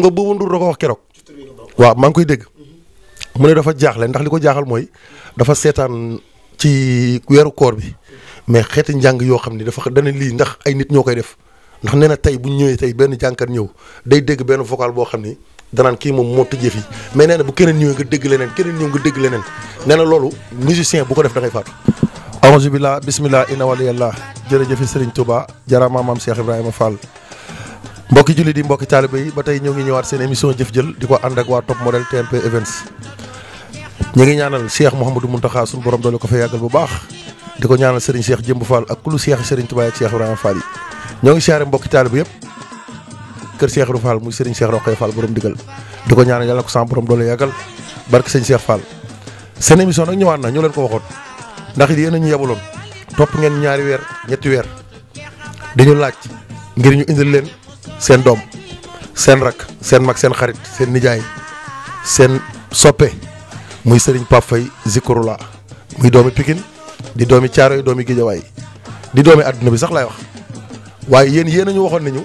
xam nga Boobu Ndour da ko wax kérok wa ma ngui jahal mu ne dafa jaxlé ndax liko jaxal moy dafa seetaan ci wéru koor bi mais xeeti njàng yo xamni dafa dañ li ndax ay nit ñokay def ndax néna na bu ñëwé tay benn jankar ñëw day deg benn vocal bo xamni da nan kii mom mo tuje fi mais néna bu keneen ñëw nga deg leneen keneen ñëw nga deg leneen néna lolu musicien bu ko def da ngay faatu. aouzu billahi bismillah inna waliyallah jërëjëf Serigne Touba jara mamam Cheikh Ibrahima Fall mbokki julli di mbokki talibé yi batay ñu ngi ñëwaat seen émission jëf jël di and ak wa top model TMP Events ñi ngi ñaanal Cheikh Mouhamadou Mountakha sun borom dole ko fa yagal bu baax di ñaanal Serigne Cheikh Jëmb Fall ak kulu Cheikh Serigne Touba ak Cheikh ibrahim Fall yi ñoo ngi siyaare mbokki talibé yëpp kër Cheikh Rou Fall muy Serigne Cheikh Rokhaya Fall borom digal di ñaanal yalla ko sam borom dole yagal bark Serigne Cheikh Fall seen émission nak ñëwaat na ñu leen ko waxoon ndax yéen ñu yebaloon top ngeen ñaari wër ñetti wër dañu laaj ngir ñu indi leen seen doom seen rak seen mag seen xarit seen nijaay seen soppe muy sëriñ Pape Faye Zikrullah muy doomi Pikine di doomi Caaroy doomi Géejawaay di doomi àdduna bi sax laay wax waaye yéen yéen a ñu waxoon nañu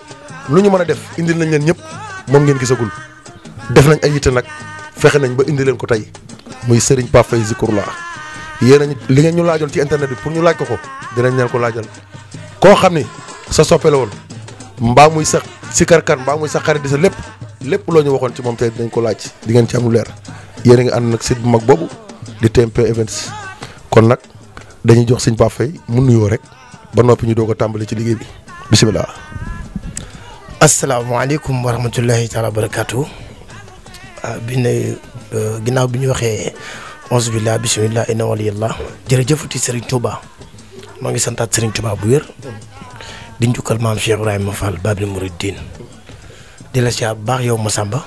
lu ñu mën a def indi nañ leen ñëpp moom ngeen gisagul def nañ ay yitte nag fexe nañ ba indi leen ko tey muy sëriñ Pape Faye Zikrullah yéen a li ngeen ñu laajoon ci internet bi pour ñu laaj ko ko dinañ leen ko laajal koo xam ni sa soppe la woon si karkan mbaa muy sa xarit di sa lépp lépp loo ñu waxoon ci moom tey dinañ ko laaj di ngeen ci am lu leer yéen a ngi ànd nag site bu mag boobu di TMP Events kon nag dañuy jox sëñ Pape Faye mu nuyoo rek ba noppi ñu doog ko tàmbali ci liggéey bi bisimilah. asalaamaaleykum wa rahmatullahi taala wa barakaatu ah, bi ne euh, ginnaaw bi ñu waxee onze billah bisimilah inna waliyallah jërëjëfuti Serigne Touba maa ngi santaat Serigne Touba bu wér. di njukkal maam Cheikh Ibrahima Fall Babil Mouridine di la siyaar baax yow Massamba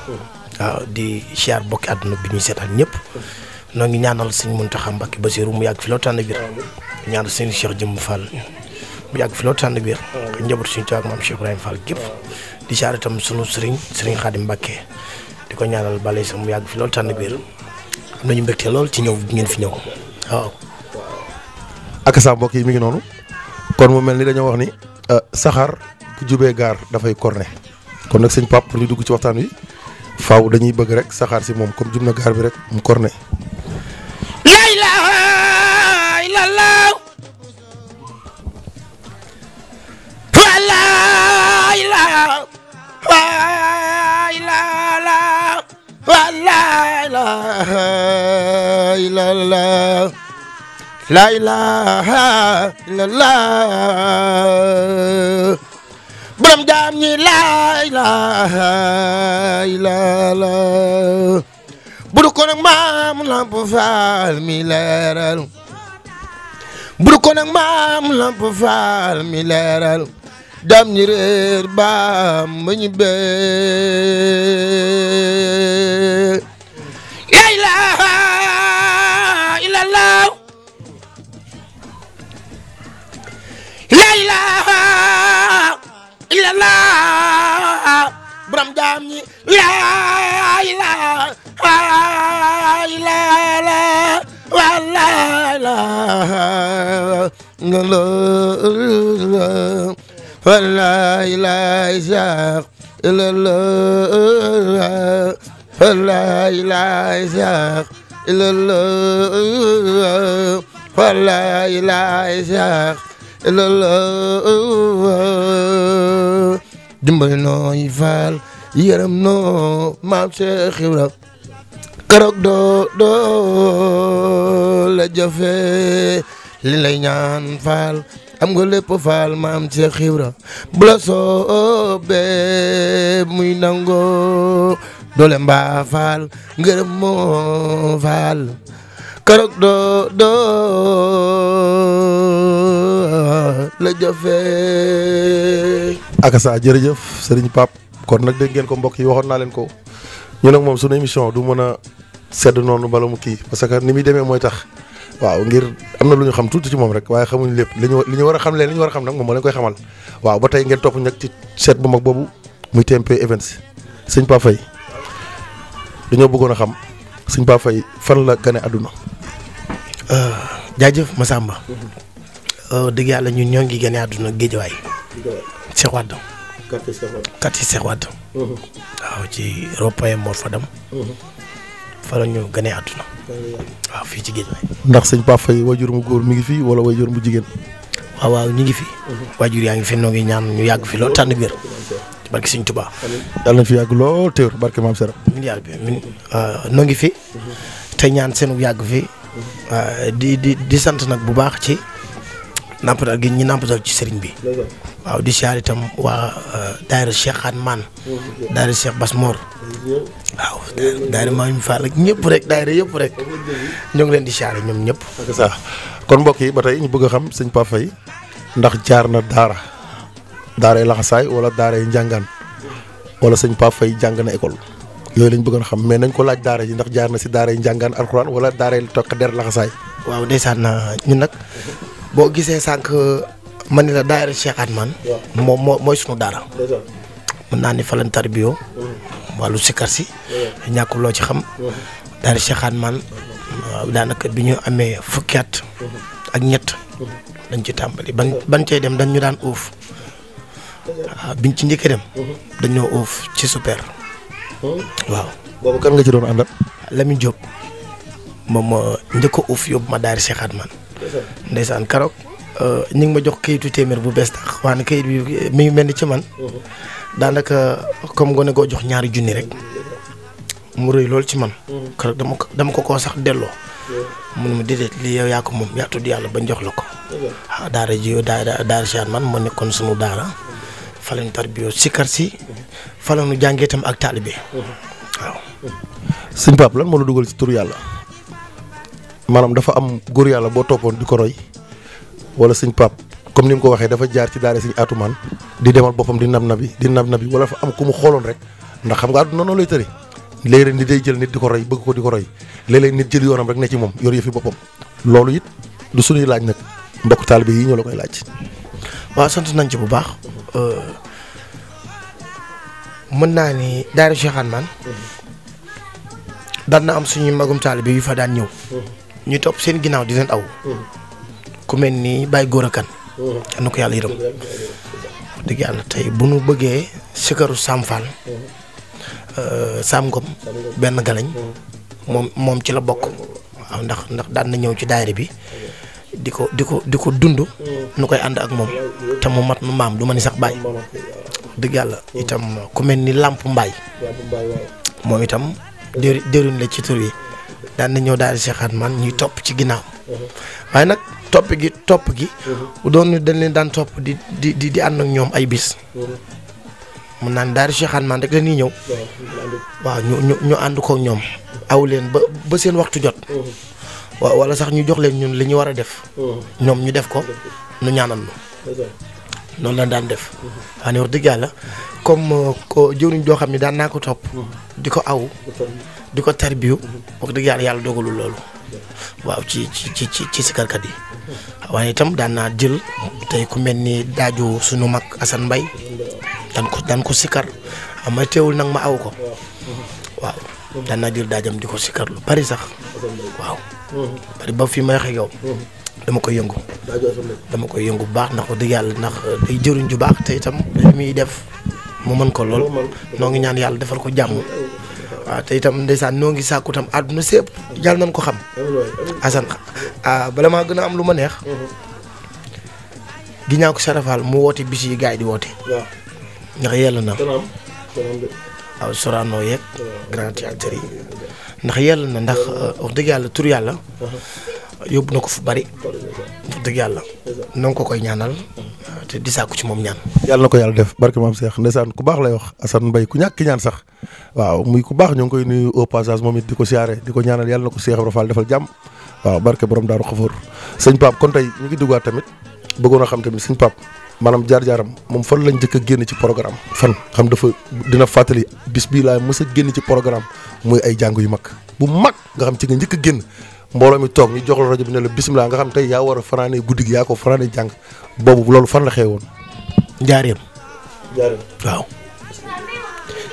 waaw di siyaar bokki àdduna bi ñuy seetaan ñëpp noo ngi ñaanal sëñ Muntaxa Mbàkke Basiru mu yàgg fi loo tànn biir ñaanal sëñ Cheikh Jëmm Fall mu yàgg fi loo di siyaar itam sunu sëriñ sëriñ Xaadim Mbàkke di ko ñaanal bale sa mu yàgg fi loolu tànn biir am nañu mbégte lool ci ñëw bi ngeen fi ñëw ak sa mbokk yi mi ngi noonu kon mu melni dañu wax ni euh saxaar bu gar da fay corné kon nak sëñ Pape pour ñu dugg ci waxtan wi faaw dañuy bëgg rek sahar ci mom comme jumna gar bi rek mu corné laa ilaaha illallaah laa ilaaha illallaah laa ilaaha la ilaha illallah borom maam lamp faal mi leeral bu maam lamp faal mi leeral dam ñi réer baam ba ñu bee yàlla borom jaam ñi laa ilaaha illallaah laa ilaaha illallaah laa ilaaha illallaah laa ilaaha illallaah laa ilaaha illallaah illallah dimbali nooy faal yërëm noo maam Cheikh Ibra keroog doo doo la jafe li lay ñaan faal am nga lépp faal maam Cheikh Ibra bu la soobee muy nangoo doole mbaa faal ngërëm moo faal keroog doo doo la jëfee. akasa jërëjëf Serigne Pape kon nag dégg ngeen ko mbokk yi waxoon naa leen ko ñu nag moom su ne émission du mën a sedd noonu bala mu kii parce que ni muy demee mooy tax. waaw ngir am na lu ñu xam tuuti ci moom rek waaye xamuñu lépp li ñu li ñu war a xam leen li ñu war a xam nag moom moo leen koy xamal waaw ba tey ngeen topp nag ci seet bu mag boobu muy TMP Events sëñ Pape Faye dañoo bëggoon a xam sëñ Pape Faye fan la gane àdduna Euh, jaajëf Massamba. Euh, dëgg yàlla ñu ñoo ngi génne àdduna géejawaay. Cheikh Wade. quartier Cheikh Wade waaw ci rond-point Mor Fadam. fa la ñu gënee àdduna. waaw fii ci géejawaay. ndax sëñ Pape Faye wajur mu góor mi ngi fi wala wajur mu jigéen. waaw waaw ñu ngi fi. waajur yaa ngi fi noo ngi ñaan ñu yàgg fi lool tànn biir. barke sëñ Tuubaa. yàlla na fi yàgg lool teewul barke maam Serap. Euh, noo ngi fi. te ñaan seenu yàgg fi. Euh, di di di sant nag bu baax ci nàmpatal gi ñi nàmpatal ci sëriñ bi. waaw di siyaar itam waa euh, daayira Cheikh Xaan Maan. daayira Cheikh Bas Mor. waaw daayira Maam Fall ak ñëpp rek daayira yëpp rek ñoo ngi leen di siyaare ñoom ñëpp. kon mbokk yi ba tey ñu bëgg a xam sëñ Pape Faye ndax jaar na daara daaray laxasaay wala daaray njàngaan wala sëñ Pape Faye jàng na école. yooyu lañ bëggoon xam mais nañ ko laaj daara ji ndax jaar na si daara yi njàngaan alxuraan wala daara yi tokk der laxasaay waaw ndeysaan ñun nag boo gisee sànq ma ni la daara Cheikh Atman moom moo mooy sunu daara mën naa ni falan tarbio mm-hmm. wàllu sikkar si mm-hmm. ñàkkul loo ci xam mm-hmm. daara Cheikh Atman waaw daanaka bi ñu amee fukki at ak ñett dañ ci tàmbali ban ban cay dem dañ ñu daan uuf ah, biñ ci njëkk dem dañoo uuf ci super waaw. boobu kan nga ci doon àndal. Lamine Diop moom moo njëkk uuf yóbbu ma daari seexaat man. ndeysaan Karok. Euh, ñu ngi ma jox kayitu téeméer bu bees tax waaye kayit bi mi ngi mel ni ci man. Mhm. daanaka comme gone goo jox ñaari junni rek. mu rëy lool ci man. Mhm. dama ko dama ko koo sax delloo. Mhm. mu ne ma déedéet yaa ko moom yaa tudd yàlla ba jox la ko. Ah, daara ji daara daara seexaat man moo nekkoon sunu daara. fa lañ tarbiyoo sikar si. fa la ñu jàngee itam ak taalibe waaw. sëñ Pape lan moo la dugal ci tur yàlla maanaam dafa am góor yàlla boo toppoon di ko roy wala sëñ Pape comme ni mu ko waxee dafa jaar ci daara sëñ Atumaan di demal boppam di nab bi di nab bi wala fa am ku mu xooloon rek ndax xam nga àdduna noonu lay tëri léeg-léeg nit day jël nit di ko roy bëgg ko di ko roy léeg-léeg nit jël yoonam rek ne ci moom yor yëfi boppam loolu it du suñuy laaj nag mbokk taalibe yi ñoo la koy nañ bu baax. Euh, mën naa ni daayira Cheikh Hanbane daan na am suñuy magum bi yu fa daan ñëw mm-hmm. ñu topp seen ginnaaw di leen aw mm-hmm. ku mel ni Baye Gora Kane mm-hmm. na ko yàlla yërëm dëgg tey bu nu bëggee sikaru Sam Fall euh, Sam Ngom benn galañ moom moom ci la bokk ndax ndax daan na ñëw ci daayira bi di ko di ko di ko dund nu koy ànd ak moom te mu mat nu maam du ma ni sax bàyyi deug yalla itam ku melni Lamp mbay mom itam dér la ci tour yi daan na daal di man ñuy top ci ginaaw uh-huh. way nak top gi top gi uh-huh. bu doon dañ leen daan top di di di and ak ñom ay bis uh-huh. mu nan daal di man rek dañuy ñëw waaw ñu ñu ñu ànd kook ñom aw leen ba ba seen waxtu jot wala sax ñu jox leen ñun li ñu wara def ñom ñu def ko nu ñaanal noonu la daan def. waaw ne wax dëgg yàlla comme euh, ko jëwriñ joo xam ne daan naa ko topp. di ko aw di ko tarbiyu wax dëgg yàlla yàlla dogalul loolu. waaw ci ci ci ci ci sikarkat yi. waaye itam daan naa jël tey ku mel ni daaju suñu mag Assane Mbaye daan ko daan ko sikar ma teewul nag ma aw ko. waaw daan naa jël daajam di ko sikar lu bari sax. waaw. bari ba fi may wax ak dama ko yëngu. dama koy yëngu bu baax ndax wax dëgg yàlla ndax day jëriñ ju baax te itam li muy def mu man ko lool noo ngi ñaan yàlla defal ko jàmm. waaw te itam ndeysaan noo ngi sàkku tam àdduna sépp yàlla nañ ko xam. asan ah bala gën a am lu ma neex. Mhm. ko sarafal mu woote bis yi gars di woote. waaw ndax yàlla na. waaw Sorano yeeg. grand théâtre yi ndax yàlla na ndax euh, wax dëgg yàlla tur yàlla. Mhm. yóbbu na fu bari dëgg yàlla na nga ko koy ñaanal te di sàkku ci moom ñaan yàlla na ko yàlla def barke maam Cheikh ndeysaan ku baax lay wax Assane Mbaye ku ñàkk ki ñaan sax waaw muy ku baax ñoo ngi koy nuyu au passage moom it di ko siyaare di ko ñaanal yàlla na ko Cheikh Ibra Fall defal jàmm waaw barke borom daaru xafoor sëñ Pape kon tey ñu ngi duggaat tamit bëggoon xam tamit sëñ Pape maanaam jaar-jaaram moom fan lañ njëkk a ci programme fan xam dafa dina fàttali bis bii laa mës a génn ci programme muy ay jàng yu mag bu mag nga xam ci nga njëkk a mbooloo mi toog ñu jox la rajo bi ne la bisimilah nga xam tey yaa war a fanaane guddi gi yaa ko fanaane jàng boobu loolu fan la xew woon. Njaareem. Njaareem waaw.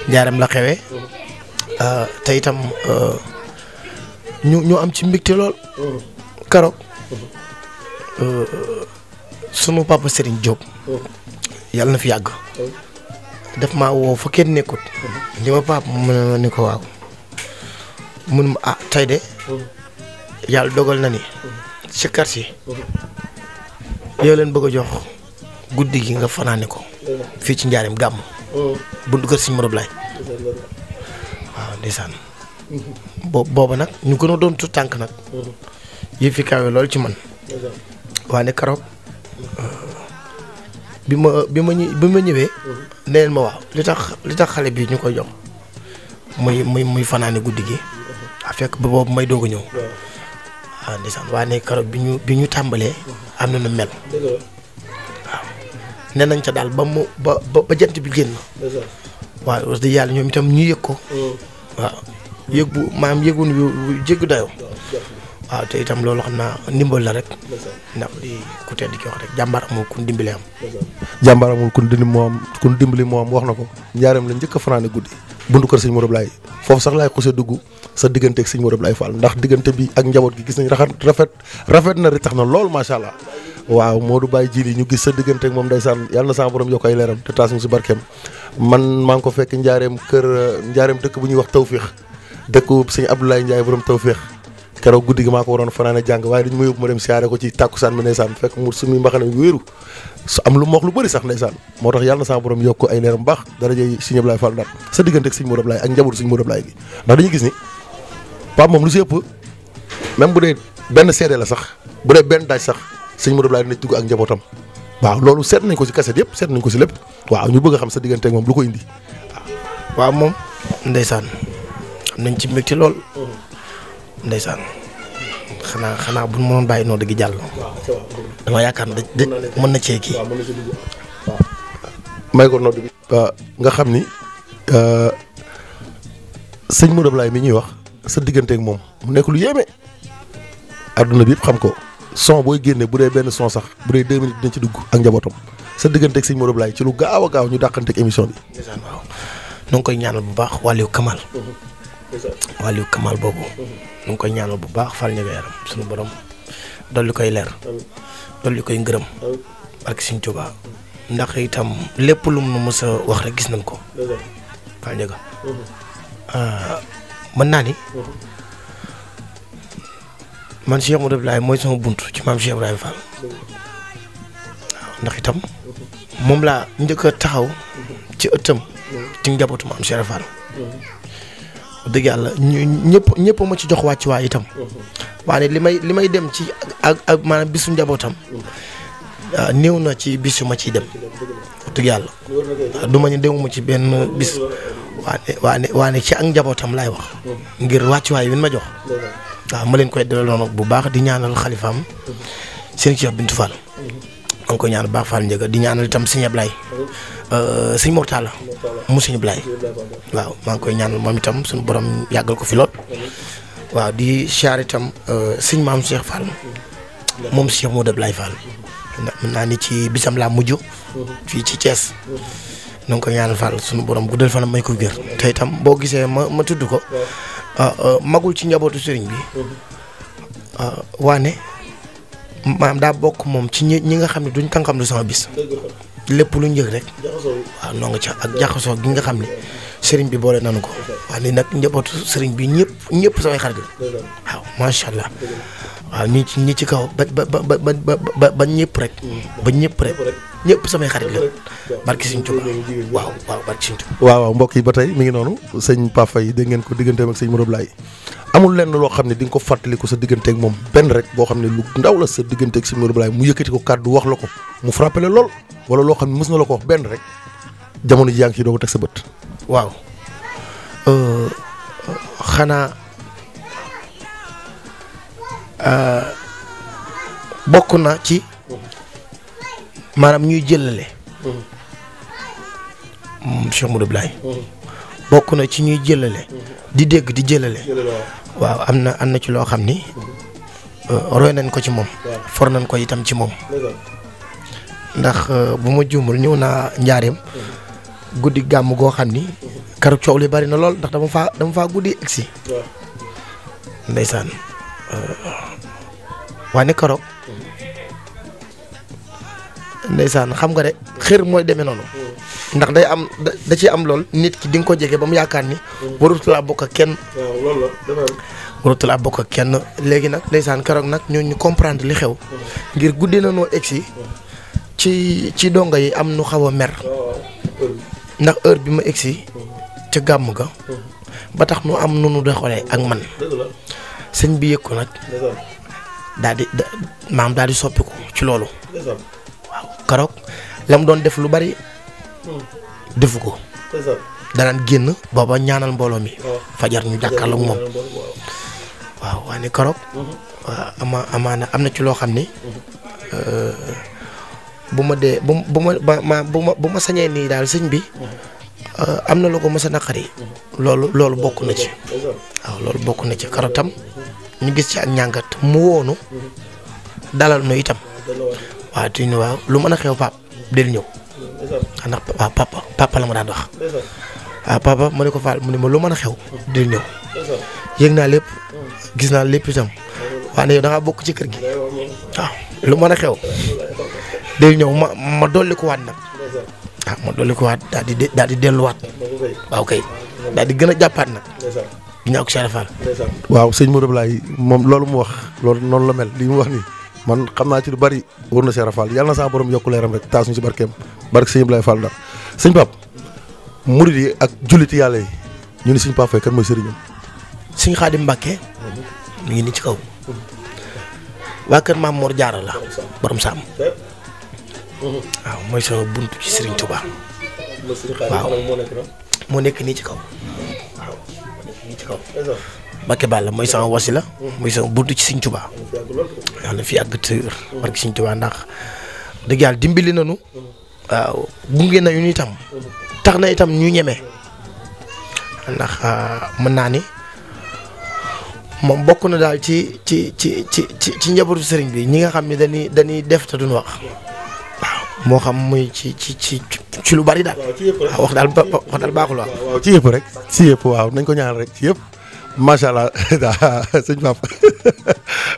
Njaareem la xewee. Mm-hmm. Ah, te itam ah, ñu ñu am ci mbégte lool. Mm-hmm. Karo. Mm-hmm. Ah, sunu papa Serigne Diop. yàlla na fi yàgg. daf maa woo fa kenn nekkut. li ma papa mun ma ah tey de. yàlla dogal na ni sikkar si yow leen bëgg a jox guddi gi nga fanaane ko fii ci njaarim gàmm buntu kër Sëñ Modou Laye waaw ndeysaan booba nag ñu gën doontu tànk nag yi fi kawe lool ci man waane karoog bi ma bi ma bi ma ñëwee neen ma waaw li tax li tax xale bi ñu koy jox muy muy muy fanaane guddi gi a fekk ba boobu may doog a ñëw waaw ndeysaan waaye ne keroog bi ñu bi ñu tàmbalee. am na nu mel. waaw nee nañ ca daal ba mu ba ba jant bi génn. waaw yàlla ñoom itam ñu yëg ko. Mm. waaw yëg bu maam yëguñu yu jéggu dayoo. waaw te itam loolu xam naa ndimbal la rek. ndax li ku tedd ki wax rek jàmbaar amul kun dimbali am. jàmbaar amul kun dimbali moo am wax na ko njaaram la njëkk a fanaane guddi. buntu kër sëñ Modou Ablaye foofu sax laay xuse dugg sa diggante siñ sëñ Modou Ablaye ndax diggante bi ak njaboot gi gis nañ rafet rafet rafet na tax na lool macha allah waaw moo Modou Baye Djili ñu gis sa diggante moom day ndeysaan yàlla na sama borom yokk ay leeram te taas ñu si barkeem man maa ngi ko fekk njaareem kër njaareem dëkk bu ñuy wax tawféex dëkk sëñ Abdoulaye Ndiaye borom tawféex kéro guddi mako maa ko jang way dañ ma yob mo dem siaré ko ci takusan mo ndeysaan fekk mu sumi mbaxana wëru su am lu ma lu bari sax ndeysaan motax yalla yàlla na sama borom yokk ay leeram dara jey Serigne Abdoulaye Fall daal sa digënté ak Serigne Modou Abdoulaye ak njabur Serigne Modou Abdoulaye gi ndax dañu gis ni pa mom lu si même bu dé ben seede la sax bu dé ben daj sax Serigne Modou Abdoulaye dañu tuggu ak njabotam waaw lolu seet nañ ko ci kaset yépp seet nañ ko ci lépp waaw ñu bëgg xam sa digënté mom lu ko indi waaw mom ndaysan am nañ ci metti lool mm-hmm. ndeysaan xanaa xanaa bu ñu mënoon bàyyi noo dëgg jàll. dama yaakaar ne de mën na cee kii. may ko nodd bi nga xam ni euh, sëñ Modou Ablaye mi ñuy wax sa digganteeg moom mu nekk lu yéeme. adduna bi yëpp xam ko son booy génne bu dee benn son sax bu dee deux dina ci dugg ak njabootam sa digganteeg sëñ Modou Ablaye ci lu gaaw a gaaw ñu dàqanteeg émission bi. ndeysaan waaw koy ñaanal bu baax wàllu Kamal. Mhm. wàllu Kamal boobu. Mhm. nu ngi koy ñaanal bu baax fal ñebe yaram suñu borom dolli koy leer dolli koy ngërëm ak ndax itam lépp lu mu mës a wax rek gis nañ ko ah, naa ni man Cheikh mooy sama bunt ci maam Cheikh Ibrahima Fall ndax itam moom laa njëkka taxaw ci ëttam ci njabootu maam Cheikh Fall dëgg yàlla ñu ñëpp ma ci jox wàcc mhm. waa itam. waaye li may li may dem ci ak ak maanaam bisu njabootam. Mhm. Ah, néew na ci bis ma ciy dem. dëgg yàlla ah, du ma ñu demuma ci benn bis. waane waane waane ci ak njabootam laay wax. Mhm. ngir wàccuwaay bi ma jox. waaw ma leen koy delloo bu baax di ñaanal xalifaam. sëñ Cheikh Bintou Fall. ma ngi koy ñaanal baax Fall Ndiaga di ñaanal itam sëñ Ablaye. Euh, sëñ Mortala. mu suñu blaay waaw maa ngi koy ñaanal moom itam suñu borom yàggal ko fi lool waaw di siyaar itam euh, sëñ maam Cheikh Fall moom Cheikh Modou Blaye Fall mën naa ni ci bisam laa mujj fii ci cees na nga ko ñaanal Fall suñu borom guddal fanam may ko gër te itam boo gisee ma ma tudd ko ah, euh, magul ci njabootu sëriñ bi ah, waane maanaam daa bokk moom ci ñi ñi nga xam ne duñ tànkam lu sama bis lépp luñ yëg rek Ah, non ndongo ca ak jaxoso gi nga xamni serigne bi boole nanu ko waaw li nag njabootu sëriñ bi ñepp ñepp sama xarit la ma sha allah wa ni ci ni ci kaw ba ba ba ba ba ñepp rek ba ñepp rek ñepp sama xarit la barki serigne Tuuba waaw waaw barki serigne Tuuba waaw waaw mbokk yi ba mi ngi nonu serigne pa fay de ngeen ko digënté ak serigne Modou Laye amul lenn lo xamni ne di nga ko fàttaliku sa ak mom ben rek bo xamni lu ndaw la sa ak serigne Modou Laye mu yëkëti ko kaddu wax la ko mu frappé lool wala lo xamni mësna la ko wax ben rek jamono ji yaa ngi ciy doog teg sa bët. waaw euh, xanaa euh, bokk na ci maanaam ñuy jëlale. Mm, Cheikh Modou Blaye bokk na ci ñuy jëlale. di dégg di jëlale. waaw am na am na ci loo xam ni euh, roy nañ ko ci moom. for nañ ko itam ci moom. ndax bu ma juumul ñëw naa njaareem guddi gàmm goo xam ni keroog bari na lool ndax dama faa dama faa guddi egsi ndeysaan euh, waaye xam nga rek xër mooy demee noonu mm. day am da ci am lool nit ki di nga ko jege ba yaakaar ni mm. warut laa bokk bokk kenn léegi nag ndeysaan keroog nag ñoo ñu comprendre li xew mm. ngir guddi na noo egsi ci dongo yi am nu xaw mer ndax heure bima exi ci gamu ga ba tax nu am nu nu xolé ak man sëñ bi yëg nak nag di maam daal di ko ci lolu waaw karoog doon def lu bari hmm. ko nan genn baba ñaanal mbolo mi fajar ñu ak mom waaw wani karok hmm. ama amana amna ci lo xamni ni hmm. euh, buma de buma buma buma sañe ni dal señ bi Euh, am na lu ko mos a naqari. loolu loolu bokk na ci. waaw loolu bokk na ci karootam ñu gis ci ak ñàngat mu woonu dalal nu itam. waaw te waaw lu mën a xew pap del ñëw. ndax papa papa la ma daan wax. waaw papa ma ne ko Fall mu ne ma lu mën a xew. del ñëw. yëg naa lépp. gis naa lépp itam. waaw ne yow bokk ci kër gi. waaw lu mën a xew. del ñëw ma ma dolli ko waat nag. ah ma dolli ko waat daal di daal di delluwaat waaw kay daal di gën a jàppaat nag. du ñàkk a Fall. waaw sëñ Modou Ablaye moom loolu mu wax loolu noonu la mel li mu wax nii man xam naa ci lu bari wóor na Cheikh Fall yàlla na saa borom yokk leeram rek taas ñu si barkeem barke sëñ Ablaye Fall daal sëñ Pape murid yi ak julliti yàlla yi ñu ni sëñ Pape Faye kan mooy sëriñam. sëñ Xaadim Mbàkke ñu ngi nii ci kaw waa kër Maam Mor Jaara la borom Saam. waaw mooy sama buntu ci Serigne Touba. waaw moo nekk nii ci kaw. waaw nii ci kaw. Mbacke Balla mooy sama wasila. mooy sama bunt ci Serigne Touba. yàlla na fi yàgg te barke Serigne Touba ndax dëgg yàlla dimbali nañu. waaw gunge nañu ni itam. tax na itam ñu ñeme. ndax ah, mën naa ni moom bokk na daal ci ci ci ci ci njabootu sëriñ bi ñi nga xam ni dañuy dañuy def te duñ wax. mo xam muy ci ci ci ci lu bari dal wax dal wax dal baxul wax ci yep rek ci yep waaw nañ ko ñaanal rek ci yëpp macha allah daa sëñ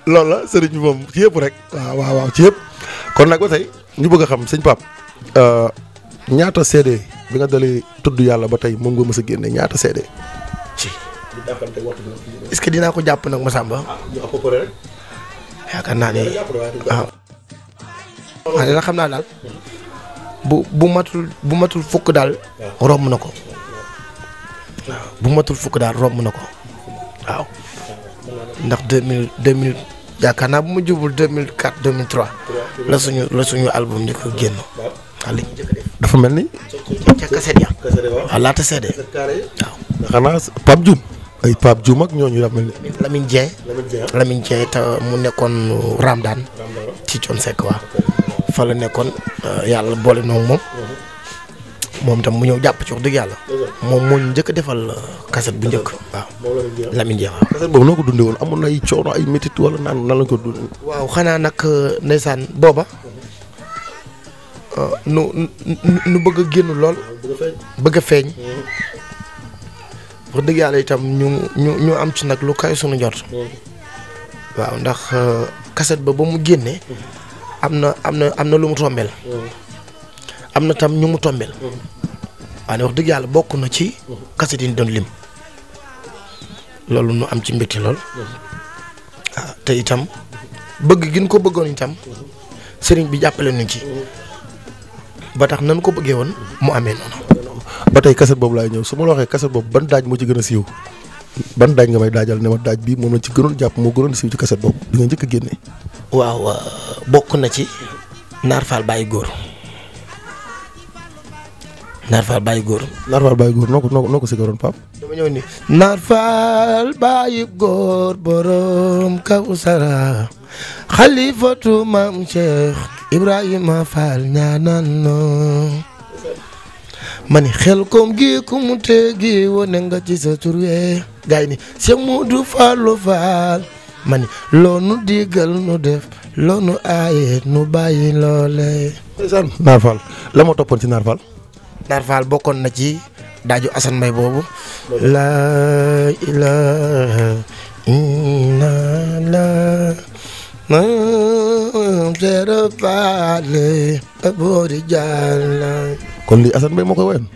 la señ bi moom ci yep rek waaw waaw waaw ci yep kon nak ba ñu bëgg xam señ sëñ euh ñaata CD bi nga dalé tuddu yalla ba ñaata CD. ci est ce que dina ko japp nak ma samba ah, ñu ko rek. waaw dina xam naa daal bu bu matul bu matul fukk daal romb na ko waaw bu matul fukk daal romb na ko ndax deux mille deux mille yaakaar bu ma jubul deux mille quatre deux trois la suñu la suñu album njëkk génn waaw dafa mel ni. ca kaset ya waaw laata seede waaw xanaa Pape Dioum ay Pape Dioum ak ñooñu dafa mel ni. Lamine Dieng Lamine Dieng te mu nekkoon Ramdaan ci Thione Seck fa la nekkoon euh, yàlla boole noonu moom. moom tam mu ñëw jàpp ci wax dëgg yàlla. moom moo ñu njëkk defal kaset euh, bu njëkk. waaw ko dundee woon amoon ay coono ay métit wala naan na la ko dundee. waaw xanaa nag euh, ndeysaan booba. nu nu bëgg a génn lool. bëgg a feeñ. Mm-hmm. wax dëgg yàlla itam ñu ñu ñu am ci nag lu kay suñu jot. Mm-hmm. waaw ndax kaset ba ba mu génnee. Mm-hmm. am na am na am na lu mu tombeel am na tam ñu mu tombeel waaye wax dëgg yàlla bokk na ci kaset yi ñu doon lim loolu nu am ci mbégte lool ah te itam bëgg gi ñu ko bëggoon itam sëriñ bi jàppale nañ ci ba tax nan ko bëggee woon mu amee noonu. ba tey kaset boobu laay ñëw su ma la waxee kaset boobu ban daaj moo ci gën a siiw ban daaj nga may daajal ne ma daaj bi moom lañ ci gënoon jàpp moo gënoon siiw ci kaset boobu di jëkk génne. waaw bokk na ci Naar Fall Baye Góor Naar Fall Baye Góor. Naar Fall noo ko sigaroon Pape. Naar Fall Baye Góor borom Kawsara xalifatu maam Cheikh Ibrahima Fall ñaanal noo. ma ni xel koom gi ku mu tegi wane nga ci sa tur wee. gars yi ni Cheikh Modou Fallou Fall. ma ni loo nu nu def loo aaye nu bàyyi loole. ndeysaan la moo toppoon ci Naar Fall. bokkoon na ci daaju Assane Mbaye boobu. laa ilaaha illallah. kon lii Assane Mbaye moo koy woyoon.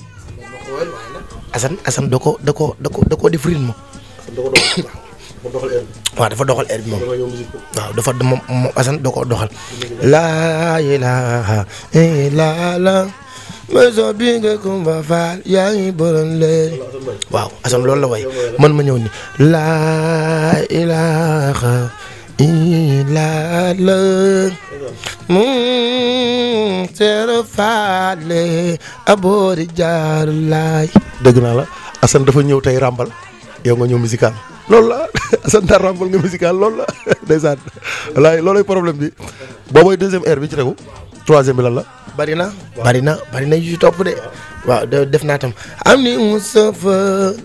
waaw dafa doxal air bi moom waaw dafa bi nga Kumba Faal yaa ngi borom leer. waaw Assane loolu la way man ma ñëw ni laa ilaaha illallaah mu seero faale aboori jaar laay. dëgg naa la Assane dafa ñëw tey ràmbal yow nga ñëw musical. lola santa rambol ramble nga musical lola la lay problem di? problème bi boo mooy deuxième heure bi ci rewou troisième bi lan la bari na bari na bari na yu top de wa def na tam amni musafa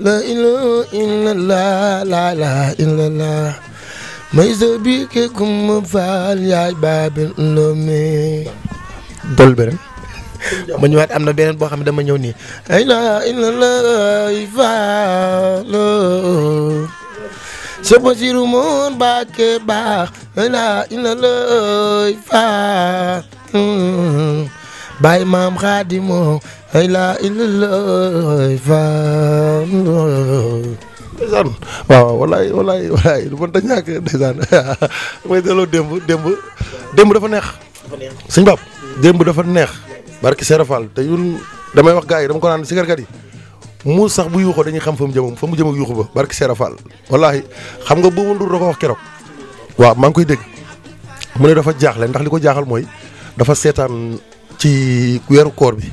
la ilaha illallah la ilaha illallah may zabi ke kum faal ya baabin lomi dol beneen ma ñu wat amna benen bo xam dama ñew ni la ilaha illallah sama rumun ba ke ba la ina lay fa hmm. bay mam khadimo la ina lay fa ndeysaan wa walaay walaay walaay lu mën ta ñàkk desan may delo dembu, dembu dembu dafa neex seigne bab dembu dafa neex barki serafal te yun damay wax gaay dama ko nan sigar gadi mu sax bu yuuxoo dañuy xam fa mu jëm fa mu jëm ak yuuxu ba barke Seera Fall xam nga boobu Ndour da ko wax keroog waaw maa ngi koy dégg mu ne dafa jaaxle ndax li ko jaaxal mooy dafa seetaan ci weeru koor bi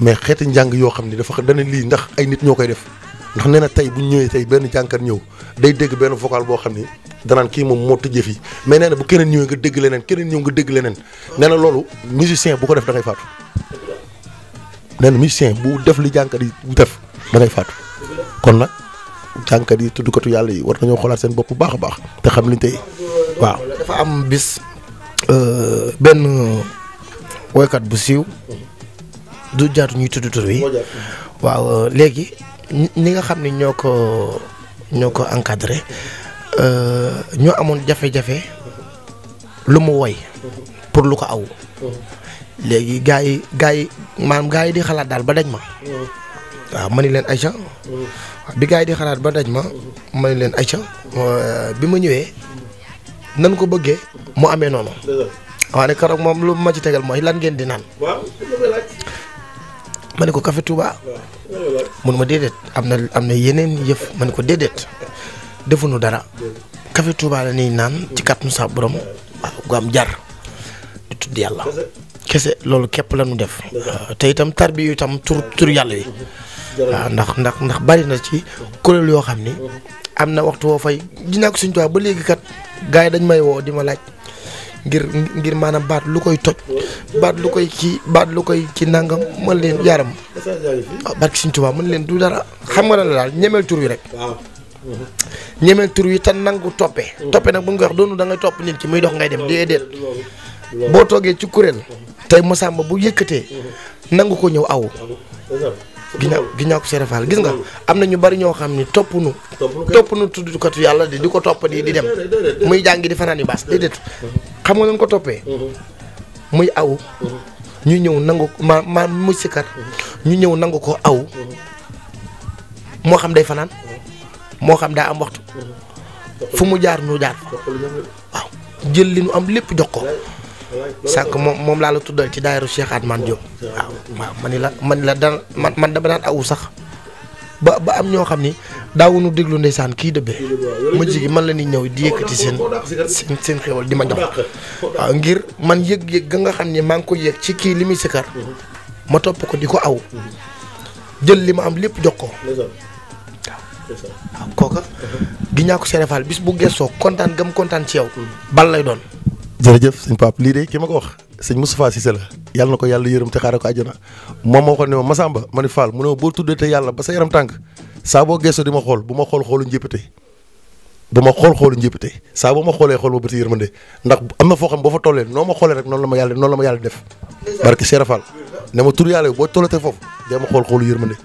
mais xeeti njàng yoo xam ne dafa dana lii ndax ay nit ñoo koy def ndax nee na tey bu ñu ñëwee tey benn jànkat ñëw day dégg benn vocal boo xam ni danaan kii moom moo tëjee fii mais nee na bu keneen ñëwee nga dégg leneen keneen ñëw nga dégg leneen nee na loolu musicien bu ko def da ngay faatu nee bu def li jànkat yi def da ngay faatu kon nag jànkat yi tuddukatu yàlla yi war nañoo xoolaat seen bopp bu baax a baax te xam liñ tey waaw. dafa am bis euh, benn woykat bu siiw du jaatu ñuy tudd tur yi waaw euh, léegi ñi nga xam ne ñoo ko ñoo ko encadré euh, ñoo amoon jafe-jafe lu mu woy pour lu ko aw léegi gars yi gars yi maanaam gars yi di xalaat daal ba dañ ma. waaw ma ni leen Aïcha bi gars yi di xalaat ba daj ma ma ni leen Aïcha euh, bi ma ñëwee nan ko bëggee mu amee noonu waaye keroog moom lu ma ci tegal mooy lan ngeen di naan ma ne ko café Touba mun ma déedéet am na am na yeneen yëf ma ne ko déedéet defuñu dara café Touba la ñuy naan ci kàttanu sa borom waaw gu am jar di tudd yàlla kese loolu képp la ñu def te itam tarbi yu itam tur tur yàlla yi waaw ndax ndax ndax bari na ci kuréel yoo xam ni. Mhm. am na waxtu woo fay dinaa ko suñu tubaab ba léegi kat gaa yi dañ may woo di ma laaj ngir ngir maanaam baat lu koy toj mhm. baat lu koy ci baat lu koy ci nangam mën leen yaram waaw baat suñu tubaab mën leen du dara xam nga la daal ñemeel tur wi rek. Mhm. ñemeel tur wi te nangu toppee. toppee nag bu ñu ko wax topp nit ci muy dox ngay dem déedéet boo toogee ci kuréel. tey Massamba bu yëkkatee nangu ko ñëw awu. ginnaaw ginnaaw ko Serap Fall gis nga am na ñu bari ñoo xam ni topp nu. topp nu tuddkatu yàlla di ko topp di di dem. muy jàngi di fanaan yi baas déedéet. xam nga nañ ko toppee. Mm-hmm. muy aw. Mm-hmm. ñu ñëw nangu ma ma muy sikar. Mm-hmm. ñu ñëw nangu ko aw. moo xam day fanaan. moo xam daa am waxtu. fu mu jaar ñu jaar. waaw jël li nu am lépp jox ko. sànq moom mom laa la tuddal ci daayiru Cheikh Atman Diop manila manila man man sax ba ba am ni daawuñu déglu ndeysaan kii dëbbee ma jigi man la ni ñew di yekati sen sen xewal di ma jox motor ngir man yeg yeg ga nga xamni ko ci ki limi sekar ma top ko di aw jël lima am lepp jox ko waaw kooka serefal bis bu gesso kontaan gam kontaan ci yow bal lay don jërëjëf sëñ Pape lii de ki ma ko wax sëñ Moustapha Cissé la yal na ko yàlla yërëm te xaaral ko àjjana moom moo waxoon ne ma Massamba ma ni Fall mu ne ma boo tuddee te yàlla ba sa yaram tànk saa boo geesoo di ma xool bu ma xool xoolu njëppite bu ma xool xoolu njëppite saa boo ma xoolee xool ma bëti yërmande am na foo xam boo fa tollee noo ma xoolee rek noonu la ma yàlla noonu la ma yàlla def barke Cheikh Fall ne ma tur yàlla boo tollatee foofu dee ma xool xoolu yërmande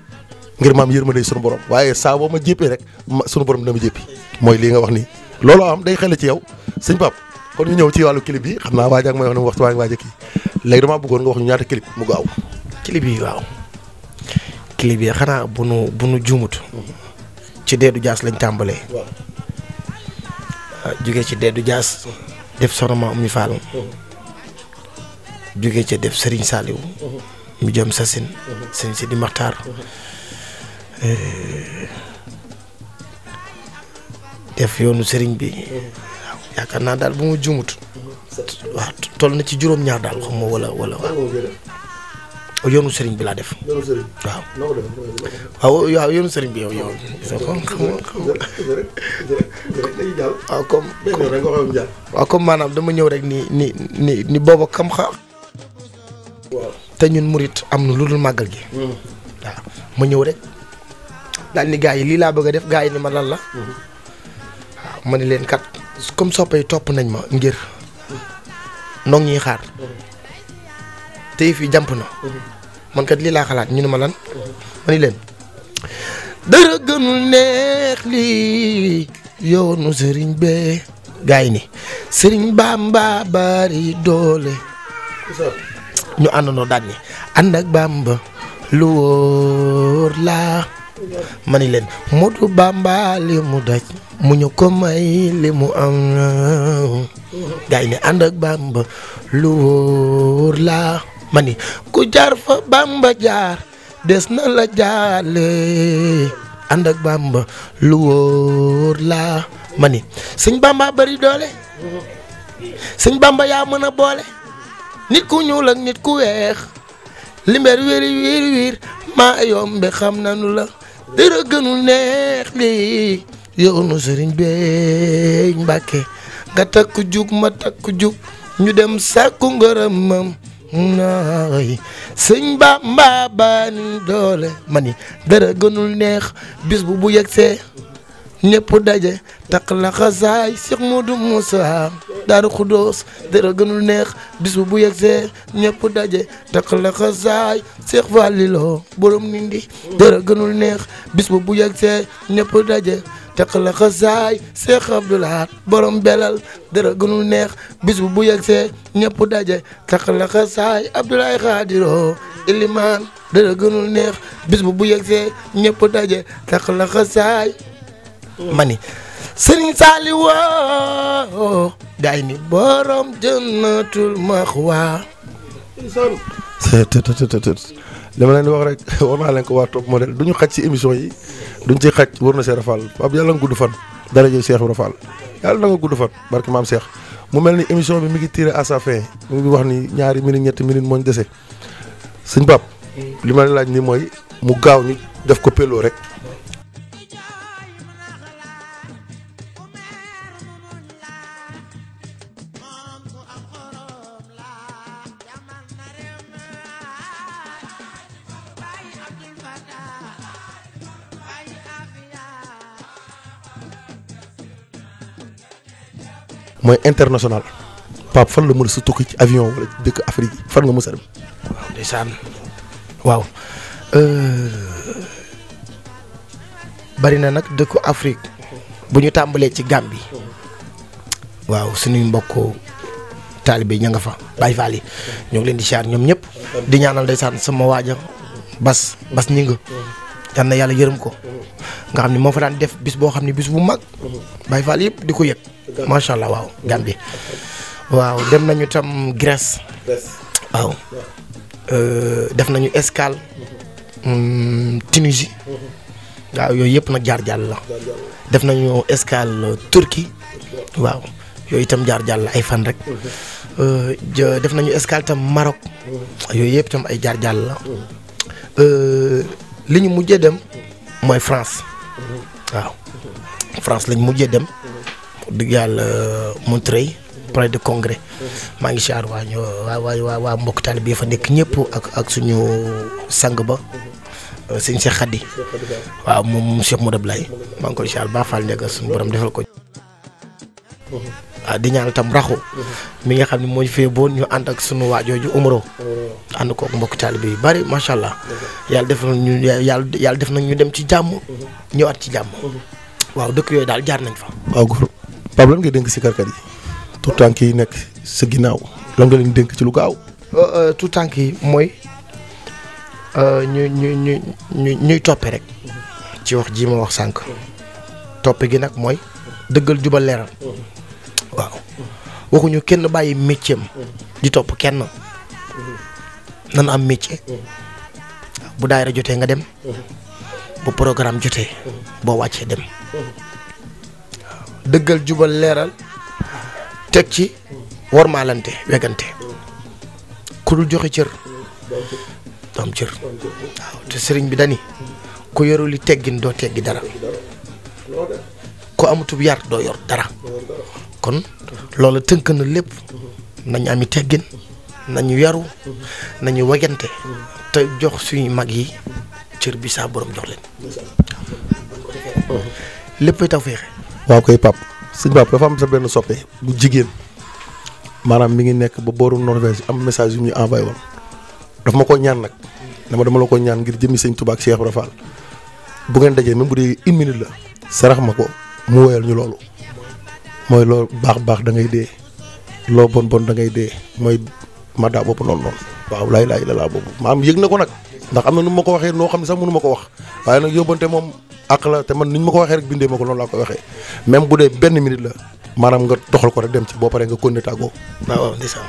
ngir maam yërmande sunu borom waaye saa boo ma jéppee rek sunu borom dina ma jéppi mooy lii nga wax nii looloo am day xel ci yow sëñ Pape kon ñu ñëw ci wàllu clip bi xam naa waaj ak may wax na mu waxtu waa ngi waaj a damaa bëggoon nga wax ñu ñaata clip mu gaaw. clip yi waaw clip yi xanaa bu nu bu nu juumut ci deedu jaas lañ tàmbalee. waaw ah, ci deedu jaas def Soxna Maam Oumy Fall. jóge ci def sëriñ Saliou. mu jëm Sassine. Serigne Sidi Maxtaar. Eh, def yoonu Serigne bi. yaakaar naa dal bu mu jumut waaw toll na ci jurom ñaar dal xam mo wala wala yonu serigne bi la def. yoonu sëriñ waaw. waaw waaw yoonu sëriñ bi yow yow. xam ko xam ko waaw comme. waaw dama ñëw rek ni ni ni ni booba xam xa. te ñun murit am na lu dul màggal gi. Hmm. waaw ma ñëw rek dal ni gaay li la bëgg def gaay ni ma lan la. Hmm. waaw ma ne kat. comme soppe yi topp nañ ma ngir ndong ñuy xaar tey fii jàmp na man kat lii laa xalaat ñu ne ma lan ma ni leen dara gënul neex lii yoonu sëriñ bee gaay ni sëriñ Bamba bari doole ñu àndandoo daal ni ànd ak Bamba lu wóor laa mani modu mudu bamba li mu daj mu ñu ko may li mu am gay ne and ak bamba lu la mani ku jaar fa bamba jaar des na la jaale and ak bamba lu la mani sing bamba bari doole sing bamba ya mën a boole nit ku ñuul ak nit ku weex limber wir wir wir maa yombe xam nu la dara gënul neex li yoonu sëriñ beey Mbàkke nga takku jug ma takku jug ñu dem sàkku ngërëmam naay sëñ ba mbaa baani doole mani ni gënul neex bis bu bu yegsee ñëpp daje taq la xasaay Cheikh Modou Moussa Daaru Xuddoos dara gënul neex bis bu yegsee ñëpp daje taq la xasaay Cheikh Fallilou borom nindi dara gënul neex bis bu yegsee ñëpp daje taq la xasaay Cheikh Abdoulaat borom belal dara gënul neex bis bu yegsee ñëpp daje taq la xasaay Abdoulaye gënul neex bis bu yegsee ñëpp daje taq la xasaay ma ni sëriñ Saaliw gaay ni borom jënnatul maxwa dama leen di wax rek war leen ko waa top modèle du ñu xaj ci émission yi duñ ci xaj war na Cheikh Rafal Pape yàlla nga gudd fan dara jël Cheikh Rafal yàlla na nga gudd fan barki maam seex mu mel ni émission bi mi ngi tiré à sa fin mi ngi wax ni ñaari minutes ñetti minutes moo ñu dese sëñ Pape li ma laaj ni mooy mu gaaw ñu def ko pelloo rek mooy international Pape fan la mën a tukki ci avion wala dëkk Afrique yi fan nga mës a dem. waaw ndeysaan euh, bari na nag dëkku Afrique bu ñu tàmbalee ci Gambie waaw suñuy mbokk taalibe ña nga fa Baye Fall ñoo ngi leen di siyaar ñoom ñëpp di ñaanal day ndeysaan sama waaja bas bas ñi nga yàlla yërëm ko nga xam ne moo fa daan def bis boo xam ne bis bu mag Baye Fall yëpp di ko yëg. macha allah waaw Gambie waaw dem nañu tam Grèce. waaw. Euh, def nañu escale. Hmm, Tunisie. waaw yooyu yëpp nag jaar jàll la. def nañu escale euh, Turquie. waaw yooyu itam jaar jàll ay fan rek. Mhm. Euh, def nañu escale tam Maroc. Mhm. yooyu yëpp tam ay jaar jàll la. li ñu mujjee dem. mooy France. Mhm. waaw France lañ mujjee dem. digal euh, montrey près de congrès ma ngi siyaar waa ñu wa wa wa mbok taalibe bi fa nek ñepp ak ak suñu sang ba euh, seigne Cheikh khadi wa moom Cheikh Modou Ablaye ma ngi koy siyaar suñu borom defal ko di ñaan tam raxu mi nga xamni bon ñu and ak sunu joju umro ànd kook mbok taalibe yu bari sha allah yàlla def na ñu yàlla yàlla def na ñu dem ci jàmm ñëwaat ci jamm waaw dëkk yooyu daal jaar nañ fa waaw Pape lan ngay dénk sikarkat yi tout tànk yi nekk sa ginnaaw lan nga leen dénk ci lu gaaw. Euh, euh, tout tànk yi mooy euh, ñu ñu ñu ñuy toppe rek ci wax ji ma wax sànq toppe gi nag mooy dëggal jubal leeral waaw waxuñu kenn bàyyi métier di topp kenn nan am métier bu daayira jotee nga dem bu programme jotee boo wàccee dem dëggal jubal leeral teg ci wormaalante wegante ku dul joxe cër doom cër waaw te sëriñ bi dani ku yoruli teggin doo teggi dara ku amutub yar doo yor dara kon loola tënk na lépp nañ ami teggin nañu yaru nañu wegante te jox suñu mag yi cër bi saa borom jox leen léppay tawfeexe waaw koy pap sëñ pap dafa am sa benn soppe bu jigéen maanaam mi ngi nekk ba booru Norvège am message yu ñu envoyé woon daf ma ko ñaan nag dama dama la ko ñaan ngir jëmmi sëñ tubaak ak Cheikh Ibra Fall bu ngeen dajee même bu dee une la sarax ma ko mu woyal ñu loolu mooy loo baax baax da ngay dee loo bon bon da ngay dee mooy ma daa bopp noonu noonu waaw laay laay la laa boobu maam yëg na ko nag ndax am na nu ma ko waxee noo xam ne sax mënu ma ko wax waaye àq la te man ni ñu ma ko waxee rek bindee ma ko noonu laa ko waxee même bu dee benn minute la maanaam nga doxal ko rek dem ci boo paree nga continuer tàggoo. waaw waaw ndeysaan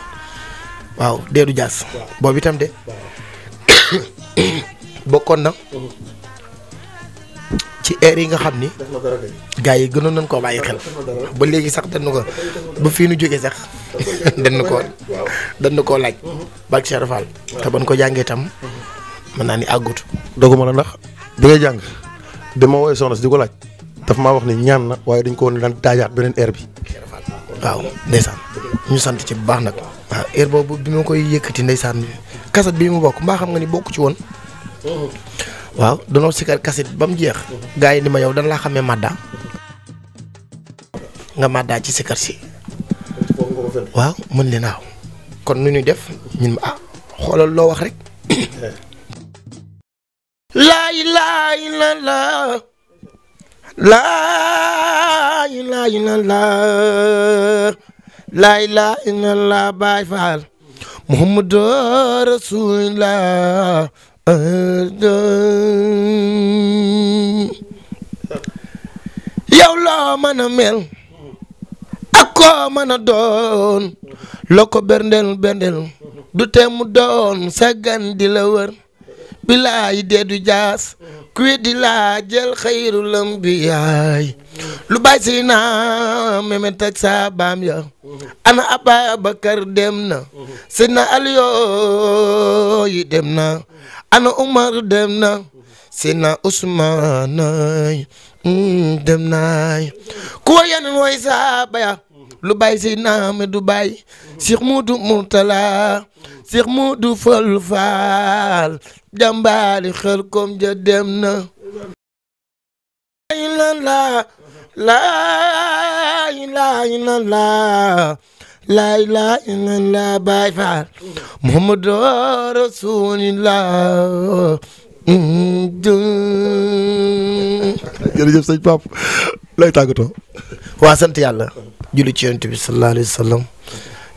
waaw Dédou Diass. waaw boobu itam de. bokkoon na. ci air yi nga xam ni. gaa yi gënoon nañ koo bàyyi xel. ba léegi sax dañ ko ba fii nu jógee sax. dañ koo dañ koo laaj. Mhm. Bac Cheikh Fall. te ban ko jàngee itam. Mhm. mën naa ni àggut. doguma la ndax bi jàng. dama woowee soxna si di laaj daf ma wax ni ñaan na waye dañ ko woon daan daajaat beneen air bi. waaw ndaysan ñu sant ci bax nak air bobu bima koy yëkkati ndaysan kaset bi mu bok mbaa xam nga ni bokku ci won waaw da no sikar kaset bam jeex. gaay ni ma yow dan la xamee Madda. nga Madda ci sikar ci waaw mën leen naaw kon nu ñu def ñun ah xolal lo wax rek. Eh. lay ilaaha illallaah laa ilaaha illallaah laa ilaaha illallaah Baay Faal Muhammadu Rasuulullaah yow loo mën a mel ak koo mën a doon loo ko berndeel du tee doon saggan di la wër bilaay deedu jaas kuy di laa jël xayrul ambiyaay lu bàyyi si naa memet ak saa baam ya ana Ababakar dem na sidna Aliyu dem na ana Umar dem na sidna Usmaan mm, dem naay ku wa yeneen way saa baya lu bàyyi si naam du bàyyi Cheikh Modou Mourtala Cheikh Modou Fall Fall jàmbaari xel kom ja dem na la la la la la laa ilaaha Baay Faal Muhammadu Rasuulullaah jërëjëf sëñ Pape lay tàggatoo waa yàlla julli ci yonent bi sallallahu alayhi wa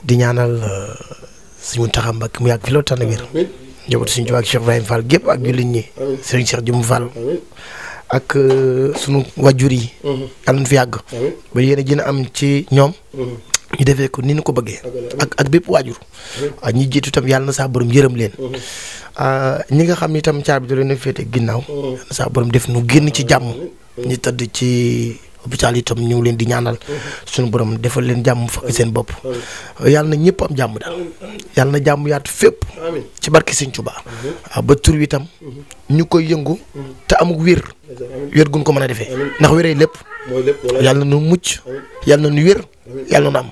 di ñaanal euh, suñu taxa mbakk mu yàgg fi loolu tànn wér njabootu suñu tubaab Cheikh Ibrahima Fall gépp ak jullit ñi sëriñ Cheikh Jum Fall ak euh, suñu yi mhm. yàlla na fi yàgg ba yéen a gën a am ci ñoom mhm. ñu defee ko ni ñu ko bëggee ak ak bépp waajur waaw ñi jiitu itam yàlla na saa borom yërëm leen mhm. ah, ñi nga xam ni itam caar bi leen a féete ginnaaw yàlla na saa borom def nu génn ci jàmm ñi tëdd ci hôpital itam ñu ngi leen di ñaanal suñu borom defal leen jàmm fëkk seen bopp yàlla na ñëpp am jàmm daal yàlla na jàmm yaatu fépp ci barke Sëñ Tuuba ba tur wi itam ñu koy yëngu te amuk wér wér gun ko mën a defee ndax wéree lépp yàlla nu mucc yàlla nu wér yàlla nu am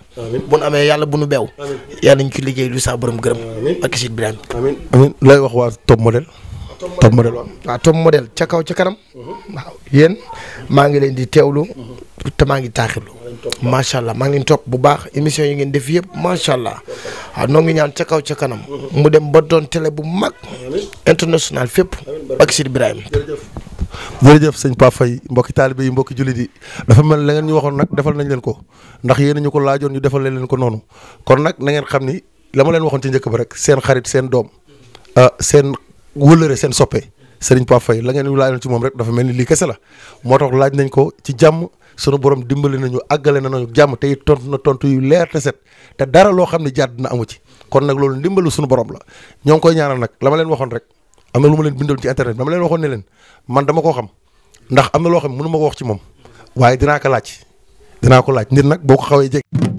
bu nu amee yàlla bu nu beew yàlla ñu ci liggéey lu saa borom gërëm barke Sëñ Ibrahima amiin looy wax waa top modèle top modèle waaw ca kaw ca kanam mhm. waaw yéen maa ngi leen di teewlu te maa ngi taaxirlu macha allah maa ngi leen topp bu baax émission yi ngeen def yëpp macha allah waaw ah, noo ngi ñaan ca kaw ca kanam mu dem ba doon tele bu mag international fépp ak Sidi Ibrahima jërëjëf sëñ Pape Faye mbokki taalibe yi mbokki jullit yi dafa mel la ngeen ñu waxoon nag defal nañ leen ko ndax yéen ñu ko laajoon ñu defal leen ko noonu kon nag na ngeen xam ni la ma leen waxoon ci njëkk ba rek seen xarit seen doom ah, seen wëllëre seen soppe Serigne Pape Faye la ngeen ñu laajoon ci moom rek dafa mel ni lii kese la moo tax laaj nañ ko ci jàmm sunu borom dimbali nañu àggale na nañu jàmm te it tontu na tontu yu leer te set te dara loo xam ne jàdd na amu ci kon nag loolu ndimbalu sunu borom la ñoo ngi koy ñaanal nag lama leen waxoon rek am na lu ma leen bindoon ci internet dama leen waxoon ne leen man dama koo xam ndax am na loo xam ne mënu ma ko wax ci moom waaye dinaa ko laaj dinaa ko laaj nit nag boo ko xawee jekk